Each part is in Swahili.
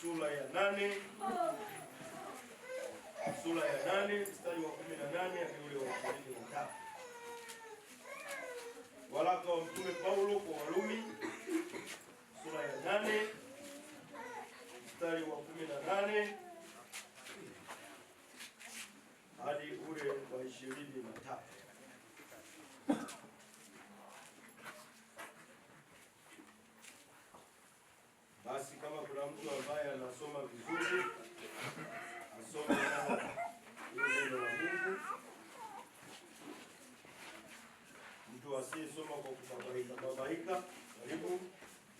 sura ya nane sura ya nane mstari wa kumi na nane hadi ule wa ishirini na tatu Waraka wa Mtume Paulo kwa Warumi sura ya nane mstari wa kumi na nane hadi ule wa ishirini na tatu mtu ambaye anasoma vizuri, asome neno la Mungu. Mtu asiyesoma kwa kubabaika babaika. Karibu,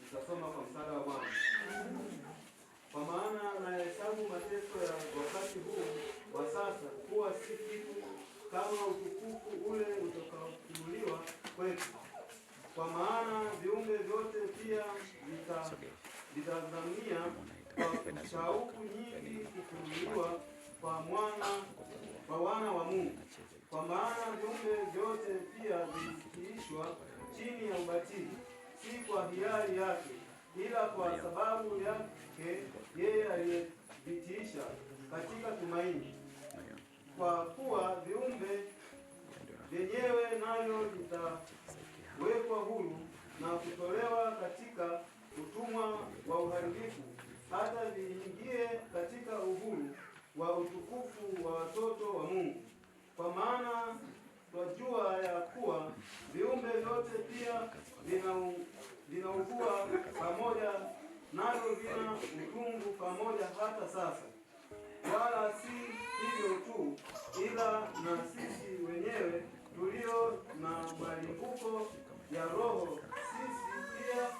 nitasoma kwa msaada wa Bwana. Kwa maana anahesabu mateso ya wakati huu wa sasa kuwa si kitu kama utukufu litazamia kwa shauku nyingi kufunuliwa kwa mwana kwa wana wa Mungu, kwa maana viumbe vyote pia vilikiishwa chini ya ubatili, si kwa hiari yake, ila kwa sababu yake yeye aliyevitiisha katika tumaini. Kwa kuwa viumbe vyenyewe nayo vitawekwa huru na kutolewa katika utumwa wa uharibifu hata viingie katika uhuru wa utukufu wa watoto wa Mungu. Kwa maana twajua ya kuwa viumbe vyote pia vinaugua pamoja nalo vina utungu pamoja hata sasa, wala si hivyo tu, ila na sisi wenyewe tulio na malimbuko ya Roho, sisi pia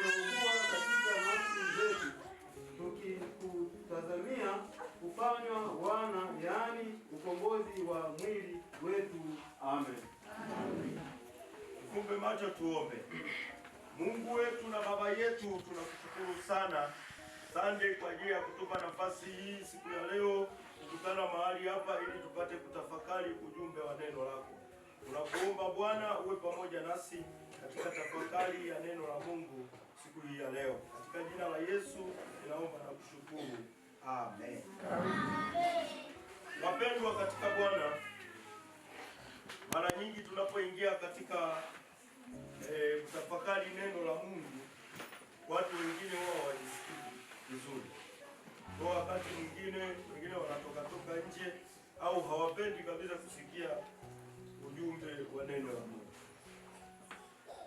tunaugua katika nafsi zetu, tukikutazamia kufanywa wana, yaani ukombozi wa mwili wetu. Amen. Fumbe macho tuombe. Mungu wetu na baba yetu, tunakushukuru sana Sande kwa ajili ya kutupa nafasi hii siku ya leo kukutana mahali hapa ili tupate kutafakari ujumbe wa neno lako. Tunakuomba Bwana uwe pamoja nasi katika tafakari ya neno la Mungu siku hii ya leo. Katika jina la Yesu ninaomba na kushukuru amen. Wapendwa katika Bwana, mara nyingi tunapoingia katika eh, kutafakari neno la Mungu, watu wengine wao hawajisikii vizuri kwa wakati mwingine, wengine wanatokatoka nje au hawapendi kabisa kusikia ujumbe wa neno la Mungu,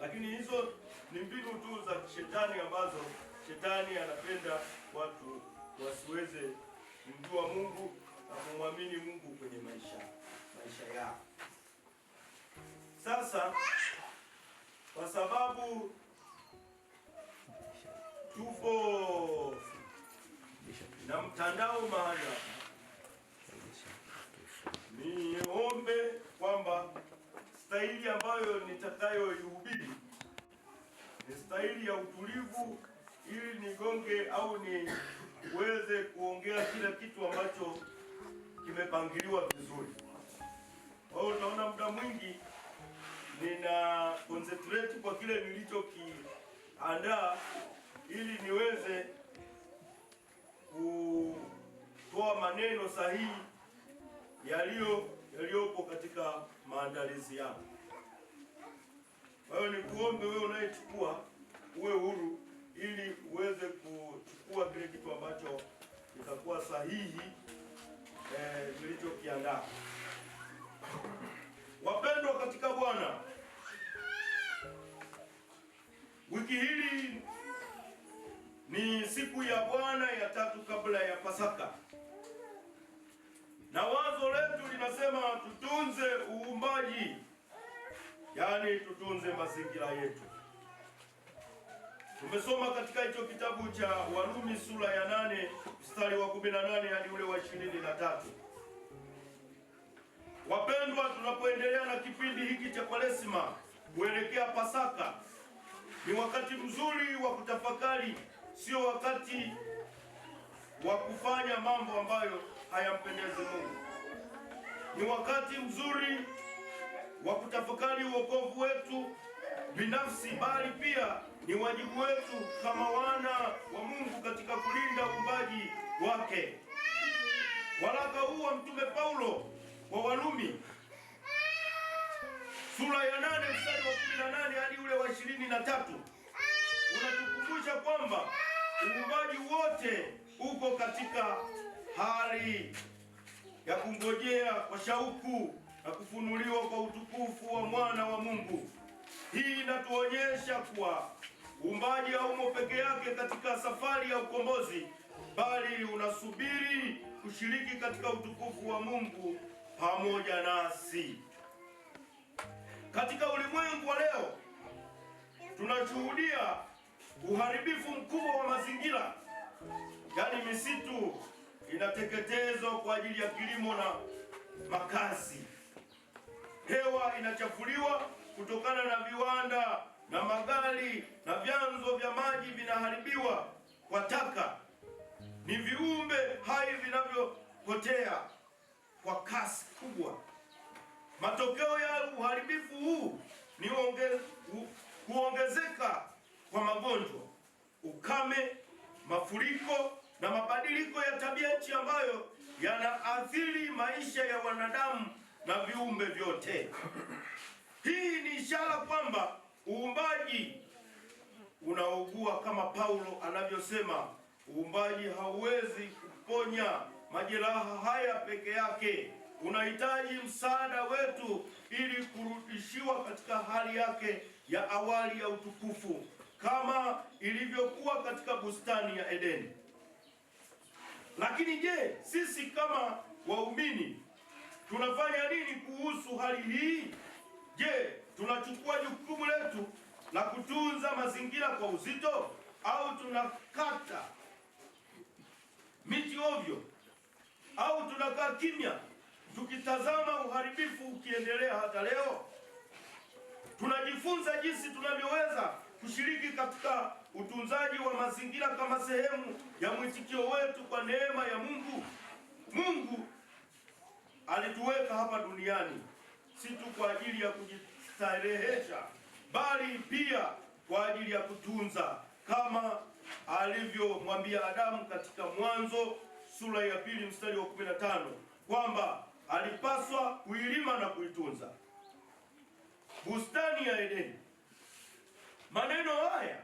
lakini hizo ni mbinu tu za shetani ambazo shetani anapenda watu wasiweze kumjua Mungu na kumwamini Mungu kwenye maisha maisha yao. Sasa kwa sababu tupo na mtandao mahala, niombe kwamba staili ambayo nitakayoihubiri ni staili ya utulivu, ili nigonge au niweze kuongea kila kitu ambacho kimepangiliwa vizuri. Kwa hiyo utaona muda mwingi nina concentrate kwa kile nilichokiandaa ili niweze kutoa maneno sahihi yaliyo yaliyopo katika maandalizi yangu. Kwa hiyo kuombe wewe unayechukua uwe huru, ili uweze kuchukua kile kitu ambacho kitakuwa sahihi eh, nilichokiandaa. E, wapendwa katika Bwana, wiki hili ni siku ya Bwana ya tatu kabla ya Pasaka, na wazo letu linasema tutunze uumbaji yaani tutunze mazingira yetu. Tumesoma katika hicho kitabu cha Warumi sura ya nane mstari wa 18 hadi ule wa tatu. Wapendwa, tunapoendelea na kipindi hiki cha Kwaresima kuelekea Pasaka, ni wakati mzuri wa kutafakari, sio wakati wa kufanya mambo ambayo hayampendezi Mungu. Ni wakati mzuri wa kutafakari uokovu wetu binafsi, bali pia ni wajibu wetu kama wana wa Mungu katika kulinda uumbaji wake. Waraka huu wa Mtume Paulo kwa Warumi sura ya nane mstari wa kumi na nane hadi ule wa ishirini na tatu unatukumbusha kwamba uumbaji wote uko katika hali ya kungojea kwa shauku na kufunuliwa kwa utukufu wa mwana wa Mungu. Hii inatuonyesha kuwa uumbaji haumo peke yake katika safari ya ukombozi, bali unasubiri kushiriki katika utukufu wa Mungu pamoja nasi. Katika ulimwengu wa leo tunashuhudia uharibifu mkubwa wa mazingira, yaani misitu inateketezwa kwa ajili ya kilimo na makazi hewa inachafuliwa kutokana na viwanda na magari na vyanzo vya maji vinaharibiwa kwa taka. Ni viumbe hai vinavyopotea kwa kasi kubwa. Matokeo ya uharibifu huu ni kuongezeka kwa magonjwa, ukame, mafuriko na mabadiliko ya tabia nchi ambayo yanaathiri maisha ya wanadamu na viumbe vyote. Hii ni ishara kwamba uumbaji unaugua kama Paulo anavyosema, uumbaji hauwezi kuponya majeraha haya peke yake. Unahitaji msaada wetu ili kurudishiwa katika hali yake ya awali ya utukufu kama ilivyokuwa katika bustani ya Edeni. Lakini je, sisi kama waumini Tunafanya nini kuhusu hali hii? Je, tunachukua jukumu letu la kutunza mazingira kwa uzito au tunakata miti ovyo au tunakaa kimya tukitazama uharibifu ukiendelea hata leo? Tunajifunza jinsi tunavyoweza kushiriki katika utunzaji wa mazingira kama sehemu ya mwitikio wetu kwa neema ya Mungu. Mungu alituweka hapa duniani si tu kwa ajili ya kujistarehesha, bali pia kwa ajili ya kutunza, kama alivyomwambia Adamu katika Mwanzo sura ya pili mstari wa 15 kwamba alipaswa kuilima na kuitunza bustani ya Edeni. Maneno haya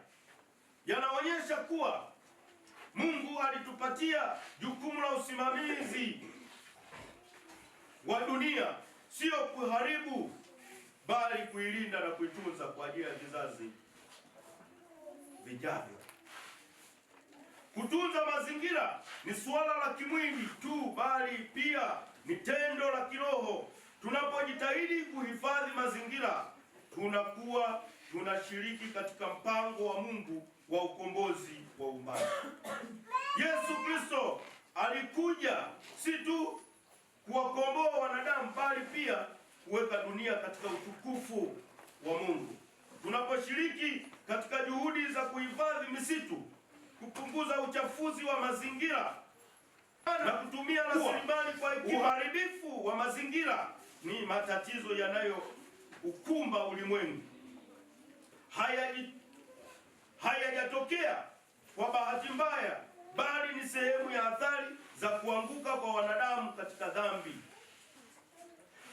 yanaonyesha kuwa Mungu alitupatia jukumu la usimamizi wa dunia, sio kuharibu, bali kuilinda na kuitunza kwa ajili ya vizazi vijavyo. Kutunza mazingira ni suala la kimwili tu, bali pia ni tendo la kiroho. Tunapojitahidi kuhifadhi mazingira, tunakuwa tunashiriki katika mpango wa Mungu wa ukombozi wa umbali. Yesu Kristo alikuja si tu kuwakomboa wanadamu, bali pia kuweka dunia katika utukufu wa Mungu. Tunaposhiriki katika juhudi za kuhifadhi misitu, kupunguza uchafuzi wa mazingira na kutumia rasilimali kwa hekima, uharibifu wa mazingira ni matatizo yanayoukumba ulimwengu. Hayajatokea haya kwa bahati mbaya, bali ni sehemu ya athari za kuanguka kwa wanadamu katika dhambi.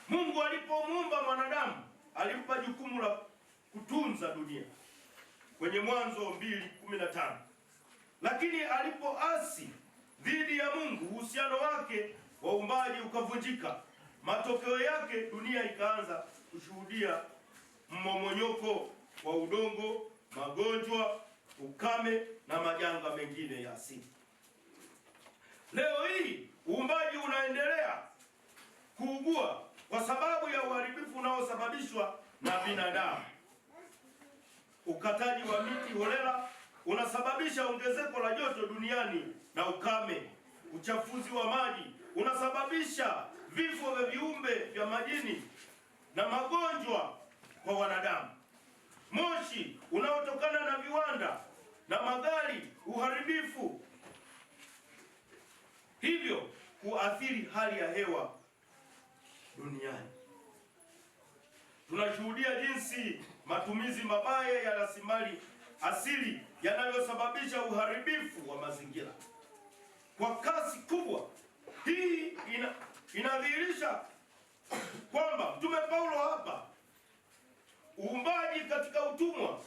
Mungu alipomuumba mwanadamu alimpa jukumu la kutunza dunia kwenye Mwanzo mbili kumi na tano, lakini alipoasi dhidi ya Mungu uhusiano wake wa umbaji ukavunjika. Matokeo yake dunia ikaanza kushuhudia mmomonyoko wa udongo, magonjwa, ukame na majanga mengine ya asili. Leo hii uumbaji unaendelea kuugua kwa sababu ya uharibifu unaosababishwa na binadamu. Ukataji wa miti holela unasababisha ongezeko la joto duniani na ukame. Uchafuzi wa maji unasababisha vifo vya viumbe vya majini na magonjwa kwa wanadamu. Moshi unaotokana na viwanda na magari kuathiri hali ya hewa duniani. Tunashuhudia jinsi matumizi mabaya ya rasilimali asili yanayosababisha uharibifu wa mazingira kwa kasi kubwa. Hii ina, inadhihirisha kwamba Mtume Paulo hapa uumbaji katika utumwa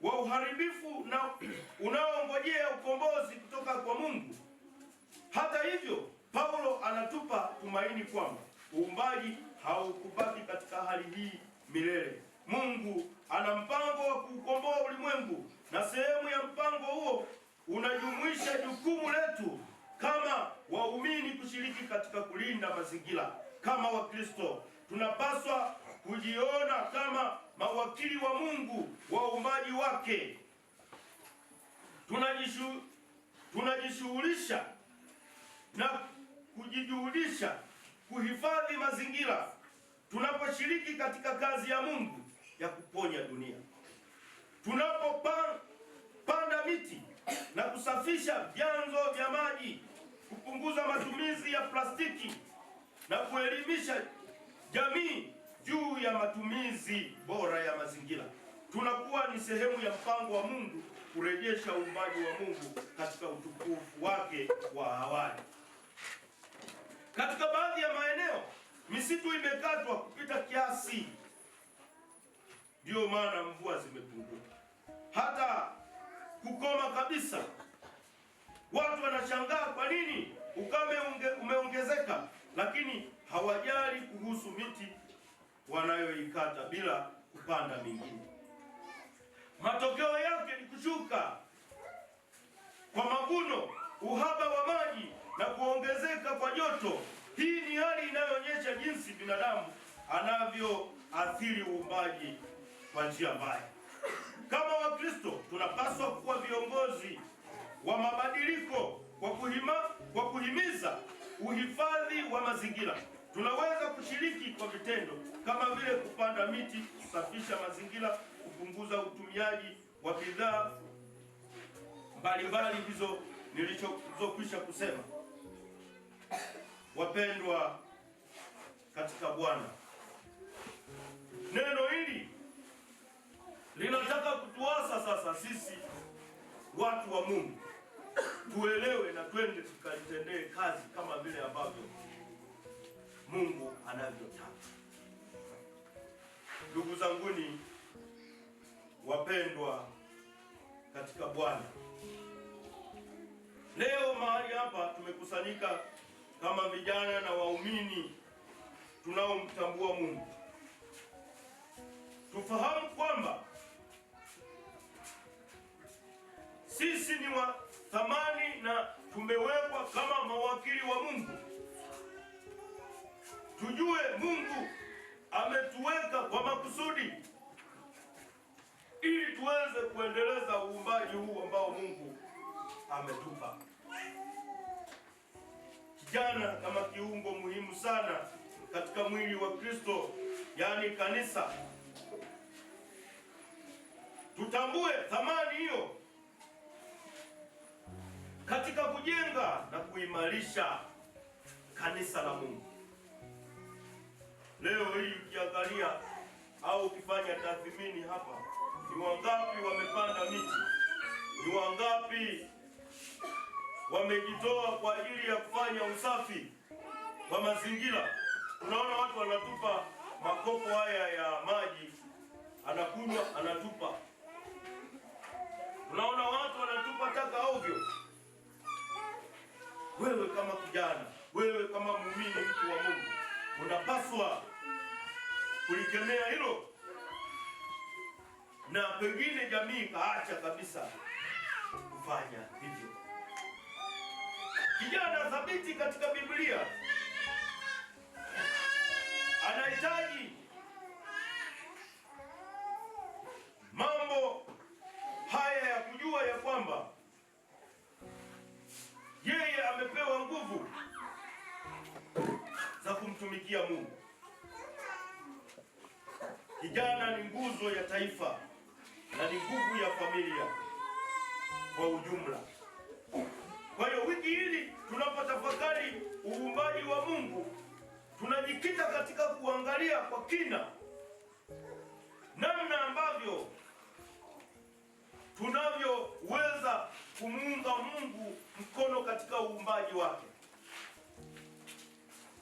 wa uharibifu na unaongojea ukombozi kutoka kwa Mungu. Hata hivyo Paulo anatupa tumaini kwamba uumbaji haukubaki katika hali hii milele. Mungu ana mpango wa kuukomboa ulimwengu, na sehemu ya mpango huo unajumuisha jukumu letu kama waumini kushiriki katika kulinda mazingira. Kama Wakristo tunapaswa kujiona kama mawakili wa Mungu wa uumbaji wake. Tunajishughulisha na kujijuhudisha kuhifadhi mazingira tunaposhiriki katika kazi ya Mungu ya kuponya dunia, tunapopanda miti na kusafisha vyanzo vya maji, kupunguza matumizi ya plastiki na kuelimisha jamii juu ya matumizi bora ya mazingira, tunakuwa ni sehemu ya mpango wa Mungu kurejesha uumbaji wa Mungu katika utukufu wake wa awali. Katika baadhi ya maeneo misitu imekatwa kupita kiasi, ndiyo maana mvua zimepungua hata kukoma kabisa. Watu wanashangaa kwa nini ukame umeongezeka, lakini hawajali kuhusu miti wanayoikata bila kupanda mingine. Matokeo yake ni kushuka kwa mavuno, uhaba wa maji na kuongezeka kwa joto. Hii ni hali inayoonyesha jinsi binadamu anavyoathiri uumbaji kwa njia mbaya. Kama Wakristo tunapaswa kuwa viongozi wa mabadiliko kwa kuhima, kwa kuhimiza uhifadhi wa mazingira. Tunaweza kushiriki kwa vitendo kama vile kupanda miti, kusafisha mazingira, kupunguza utumiaji wa bidhaa mbalimbali hizo nilizokwisha kusema. Wapendwa katika Bwana, neno hili linataka kutuasa sasa sisi watu wa Mungu tuelewe na twende tukalitendee kazi kama vile ambavyo Mungu anavyotaka. Ndugu zanguni wapendwa katika Bwana, leo mahali hapa tumekusanyika kama vijana na waumini tunaomtambua Mungu, tufahamu kwamba sisi ni wa thamani na tumewekwa kama mawakili wa Mungu. Tujue Mungu ametuweka kwa makusudi ili tuweze kuendeleza uumbaji huu ambao Mungu ametupa jana kama kiungo muhimu sana katika mwili wa Kristo, yaani kanisa. Tutambue thamani hiyo katika kujenga na kuimarisha kanisa la Mungu. Leo hii ukiangalia au ukifanya tathmini hapa, ni wangapi wamepanda miti? Ni wangapi wamejitoa kwa ajili ya kufanya usafi wa mazingira. Tunaona watu wanatupa makopo haya ya maji, anakunywa anatupa. Tunaona watu wanatupa taka ovyo. Wewe kama kijana, wewe kama muumini, mtu wa Mungu, unapaswa kulikemea hilo, na pengine jamii kaacha kabisa kufanya hivyo. Kijana thabiti katika Biblia anahitaji mambo haya ya kujua ya kwamba yeye amepewa nguvu za kumtumikia Mungu. Kijana ni nguzo ya taifa na ni nguvu ya familia kwa ujumla. Kwa hiyo wiki hili tunapotafakari uumbaji wa Mungu, tunajikita katika kuangalia kwa kina namna ambavyo tunavyoweza kumuunga Mungu mkono katika uumbaji wake.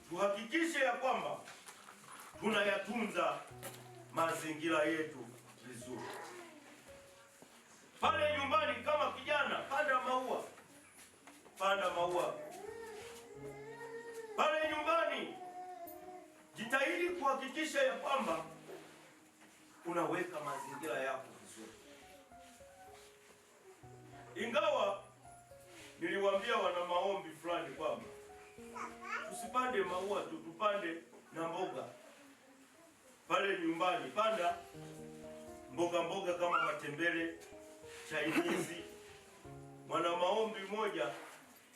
Tuhakikishe ya kwamba tunayatunza mazingira yetu vizuri pale nyumbani kama kijana panda maua pale nyumbani. Jitahidi kuhakikisha ya kwamba unaweka mazingira yako vizuri. Ingawa niliwaambia wana maombi fulani kwamba tusipande maua tu, tupande na mboga pale nyumbani. Panda mboga mboga kama matembele, chainizi. Mwana maombi mmoja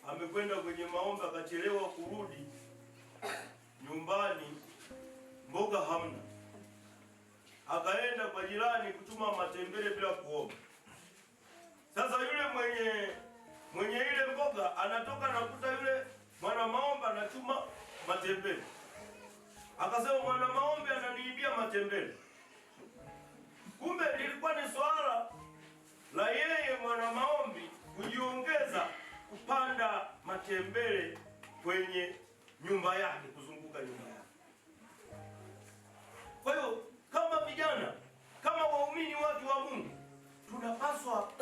amekwenda kwenye maombi akachelewa kurudi nyumbani, mboga hamna, akaenda kwa jirani kutuma matembele bila kuomba. Sasa yule mwenye mwenye ile mboga anatoka nakuta yule mwana maombi anachuma matembele, akasema mwana maombi ananiibia matembele. Kumbe lilikuwa ni swala la yeye mwana maombi matembele kwenye nyumba yake, kuzunguka nyumba yake. Kwa hiyo kama vijana, kama waumini wake wa Mungu, tunapaswa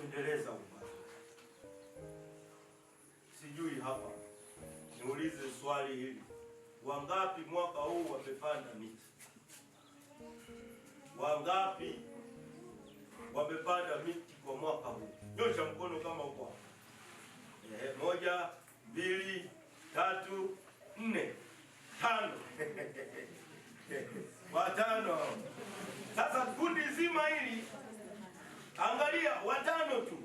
kuendeleza ubaya. Sijui hapa niulize swali hili, wangapi mwaka huu wamepanda miti? Wangapi wamepanda miti kwa mwaka huu? Nyosha mkono kama uko Ehe, moja, mbili, tatu, nne, tano watano. Sasa kundi zima hili, angalia watano tu.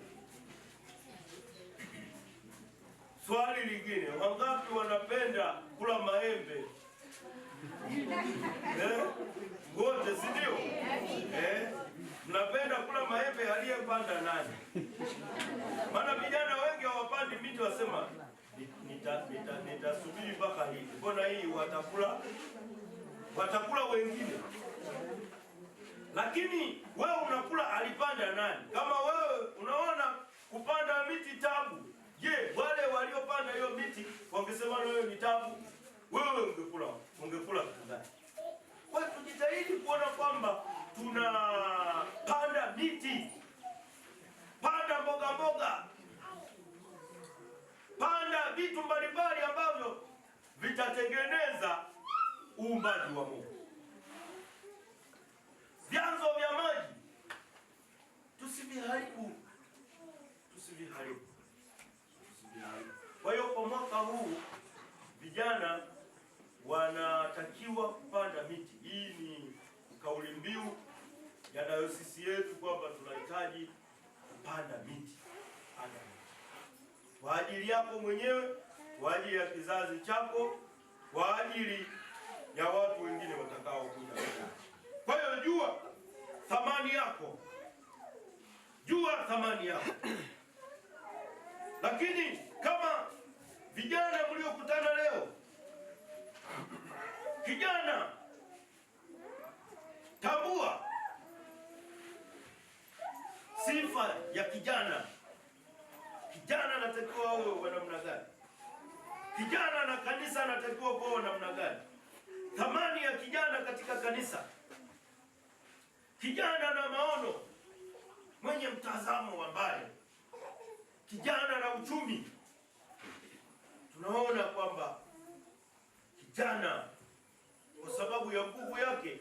Swali lingine, wangapi wanapenda kula maembe? Eh, wote si ndio? Eh? mnapenda kula maembe aliyepanda nani? Maana vijana wengi hawapandi miti, wasema nitasubiri nita, nita mpaka hii, mbona hii watakula watakula wengine, lakini wewe unakula alipanda nani? Kama wewe unaona kupanda miti tabu, je, wale waliopanda hiyo miti na wewe ni tabu, wewe ungekula ungekula kudai? Kwa tujitahidi kuona kwamba tunapanda miti yako mwenyewe, kwa ajili ya kizazi chako, kwa ajili ya watu wengine kuja. Kwa hiyo jua thamani yako, jua thamani yako. Lakini kama vijana mliokutana leo, kijana, tambua sifa ya kijana unatakiwa wewe uwe namna gani? Kijana na kanisa anatakiwa kuwa namna gani? Thamani ya kijana katika kanisa, kijana na maono, mwenye mtazamo wa mbali, kijana na uchumi. Tunaona kwamba kijana kwa sababu ya nguvu yake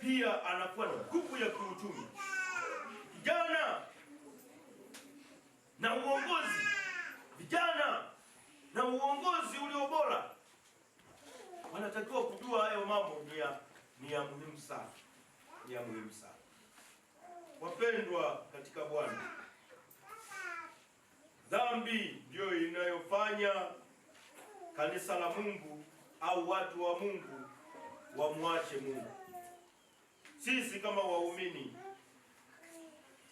pia anakuwa na nguvu ya kiuchumi. Kijana na uongozi vijana na uongozi ulio bora wanatakiwa kujua hayo mambo ni ya ni ya muhimu sana, ni ya muhimu sana. Wapendwa katika Bwana, dhambi ndiyo inayofanya kanisa la Mungu au watu wa Mungu wamwache Mungu. Sisi kama waumini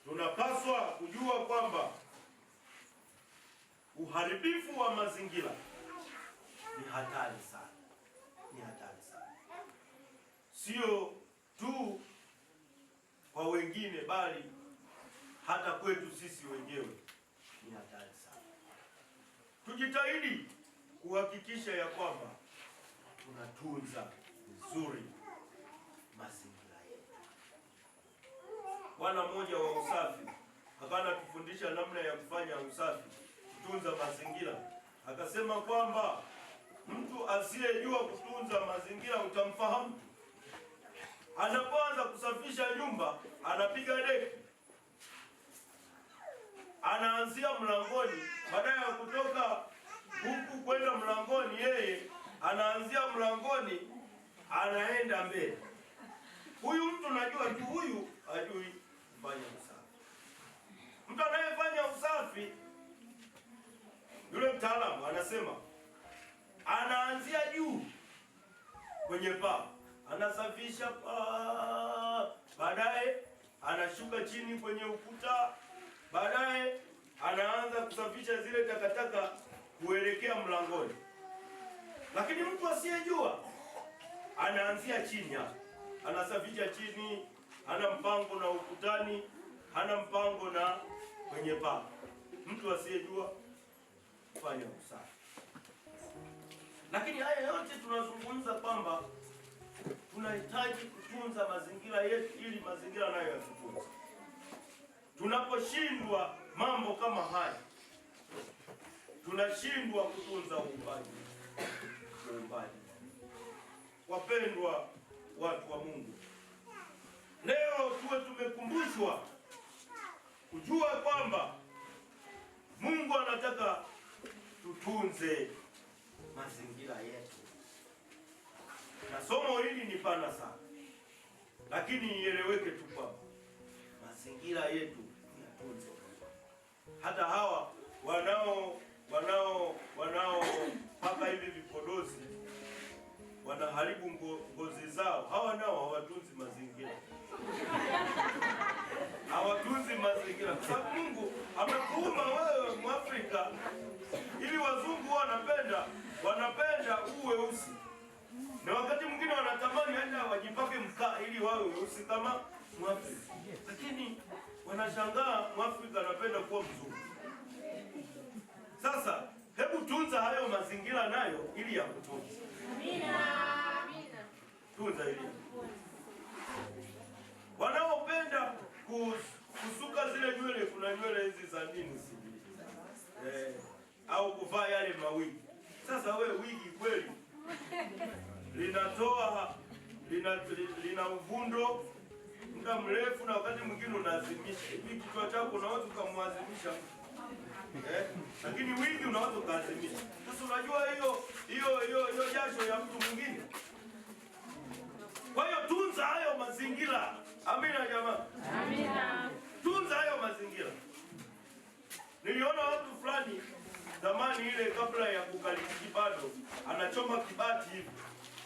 tunapaswa kujua kwamba uharibifu wa mazingira ni hatari sana, ni hatari sana, sio tu kwa wengine, bali hata kwetu sisi wenyewe ni hatari sana. Tujitahidi kuhakikisha ya kwamba tunatunza vizuri mazingira yetu. Bwana mmoja wa usafi hapana tufundisha namna ya kufanya usafi kutunza mazingira, akasema kwamba mtu asiyejua kutunza mazingira utamfahamu. Anapoanza kusafisha nyumba, anapiga deki, anaanzia mlangoni. Badala ya kutoka huku kwenda mlangoni, yeye anaanzia mlangoni, anaenda mbele. Huyu mtu najua tu, huyu hajui kufanya usafi. Mtu anayefanya usafi yule mtaalamu anasema anaanzia juu kwenye paa, anasafisha paa, baadaye anashuka chini kwenye ukuta, baadaye anaanza kusafisha zile takataka kuelekea mlangoni. Lakini mtu asiyejua anaanzia chini hapa, anasafisha chini, hana mpango na ukutani, hana mpango na kwenye paa, mtu asiyejua kufanya usafi. Lakini haya yote tunazungumza kwamba tunahitaji kutunza mazingira yetu ili mazingira nayo yatutunze. Tunaposhindwa mambo kama haya, tunashindwa kutunza uumbaji uumbaji. Wapendwa watu wa Mungu, leo tuwe tumekumbushwa kujua kwamba Mungu anataka tutunze mazingira yetu, na somo hili ni pana sana, lakini ieleweke tu kwamba mazingira yetu yatunze. Hata hawa wanao wanao wanao paka hivi vipodozi wanaharibu ngozi zao, hawa nao hawatu kama Mwafrika, lakini wanashangaa Mwafrika anapenda kuwa mzungu. Sasa hebu tunza hayo mazingira nayo ili ya kutunza. Amina. Amina. Tunza ili wanaopenda kusuka zile nywele, kuna nywele hizi za nini eh, au kuvaa yale mawigi. Sasa we wigi kweli linatoa lina, lina uvundo muda mrefu, na wakati mwingine unaazimisha hivi kichwa chako, unaweza ukamwazimisha eh, lakini wingi unaweza ukaazimisha Sasa unajua hiyo hiyo hiyo hiyo jasho ya mtu mwingine. Kwa hiyo tunza hayo mazingira. Amina jamaa, amina. Tunza hayo mazingira. Niliona watu fulani zamani ile, kabla ya kukaliki bado anachoma kibati hivi,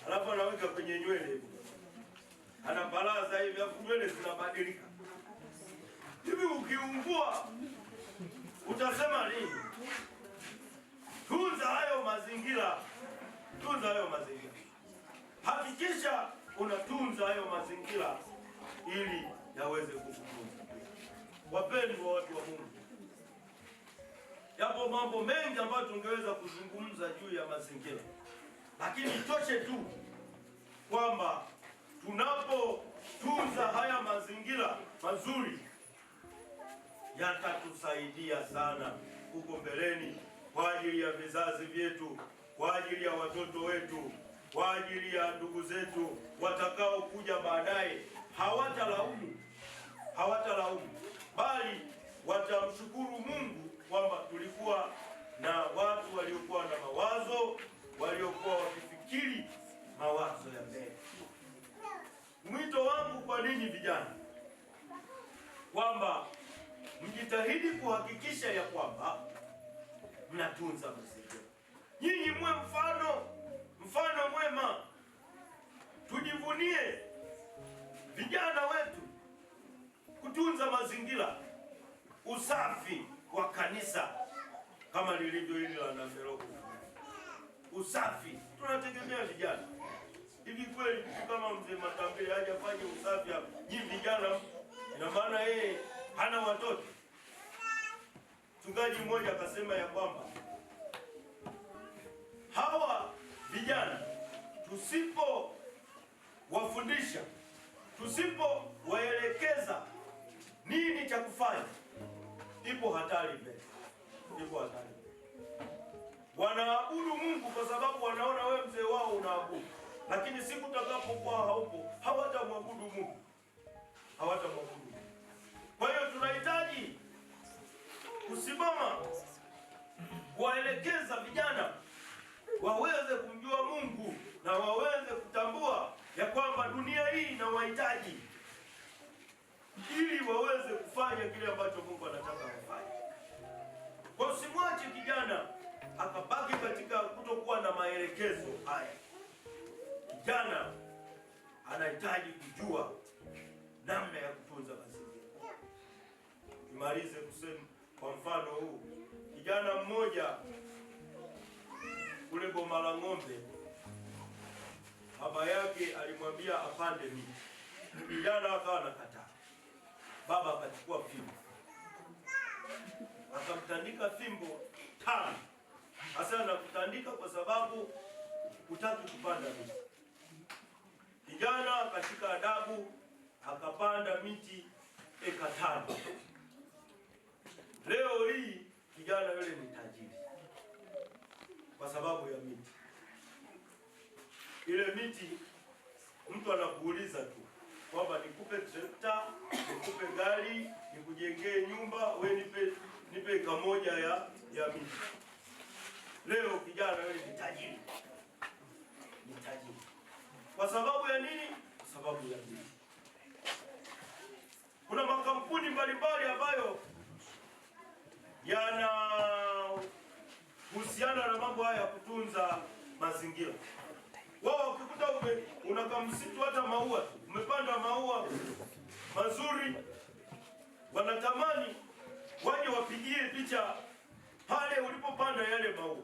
alafu anaweka kwenye nywele hivi ana baraza hivi afu nywele zinabadilika hivi, ukiungua utasema nini? Tunza hayo mazingira, tunza hayo mazingira. Hakikisha unatunza hayo mazingira ili yaweze kukutunza. Wapendwa wa watu wa Mungu, yapo mambo mengi ambayo tungeweza kuzungumza juu ya mazingira, lakini itoshe tu kwamba tunapotunza haya mazingira mazuri yatatusaidia sana huko mbeleni, kwa ajili ya vizazi vyetu, kwa ajili ya watoto wetu, kwa ajili ya ndugu zetu watakaokuja baadaye. Hawatalaumu, hawatalaumu, bali watamshukuru Mungu kwamba tulikuwa na watu waliokuwa na mawazo, waliokuwa wakifikiri mawazo ya mbele. Mwito wangu kwa ninyi vijana kwamba mjitahidi kuhakikisha ya kwamba mnatunza mazingira. Nyinyi mwe mfano, mfano mwema, tujivunie vijana wetu kutunza mazingira, usafi wa kanisa kama lilivyo hili la Naferoko. Usafi tunategemea vijana Hivi kweli mtu kama mzee Matambele hajafanya usafi hapa, Ni vijana, ina maana yeye hana watoto? Mchungaji mmoja akasema ya kwamba hawa vijana tusipowafundisha, tusipowaelekeza nini cha kufanya, ipo hatari mbele, ipo hatari. Wanaabudu Mungu kwa sababu wanaona wewe mzee wao unaabudu lakini siku utakapokuwa haupo hawatamwabudu Mungu, hawatamwabudu Mungu. Kwa hiyo tunahitaji kusimama kuwaelekeza vijana waweze kumjua Mungu na waweze kutambua ya kwamba dunia hii inawahitaji ili waweze kufanya kile ambacho Mungu anataka wafanye. Kwa usimwache kijana akabaki katika kutokuwa na maelekezo haya kijana anahitaji kujua namna ya kutunza mazingira. Nimalize kusema kwa mfano huu, kijana mmoja kule boma la ng'ombe, baba yake alimwambia apande miti, kijana akawa anakataa. Baba akachukua fimbo akamtandika fimbo tano, hasa nakutandika kwa sababu hutaki kupanda miti kijana katika adabu akapanda miti eka tano. Leo hii kijana yule ni tajiri kwa sababu ya miti. Ile miti mtu anakuuliza tu kwamba nikupe trekta, nikupe gari, nikujengee nyumba, we nipe nipe eka moja ya ya miti. Leo kijana yule ni tajiri. Kwa sababu ya nini? Kwa sababu ya dini. Kuna makampuni mbalimbali ambayo yanahusiana na mambo haya ya kutunza mazingira. Wao ukikuta una msitu hata maua, umepanda maua mazuri, wanatamani waje wapigie picha pale ulipopanda yale maua,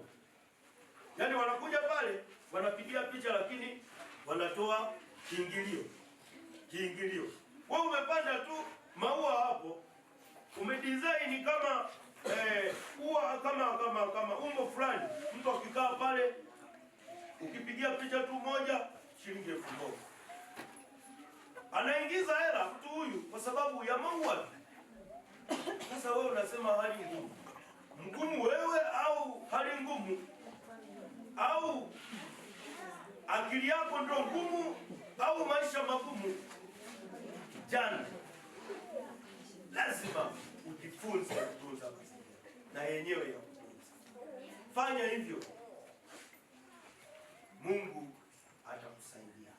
yaani wanakuja pale wanapigia picha, lakini wanatoa kiingilio, kiingilio. Wewe umepanda tu maua hapo, umedesign kama eh, ua kama kama kama umbo fulani, mtu akikaa pale ukipigia picha tu moja shilingi elfu moja anaingiza hela mtu huyu kwa sababu ya maua. Sasa wewe unasema hali ngumu, mgumu wewe au hali ngumu au akili yako ndio ngumu au maisha magumu jana, lazima ujifunze kutunza na yenyewe ya kutunza. Fanya hivyo, Mungu atakusaidia.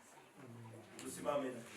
Tusimame na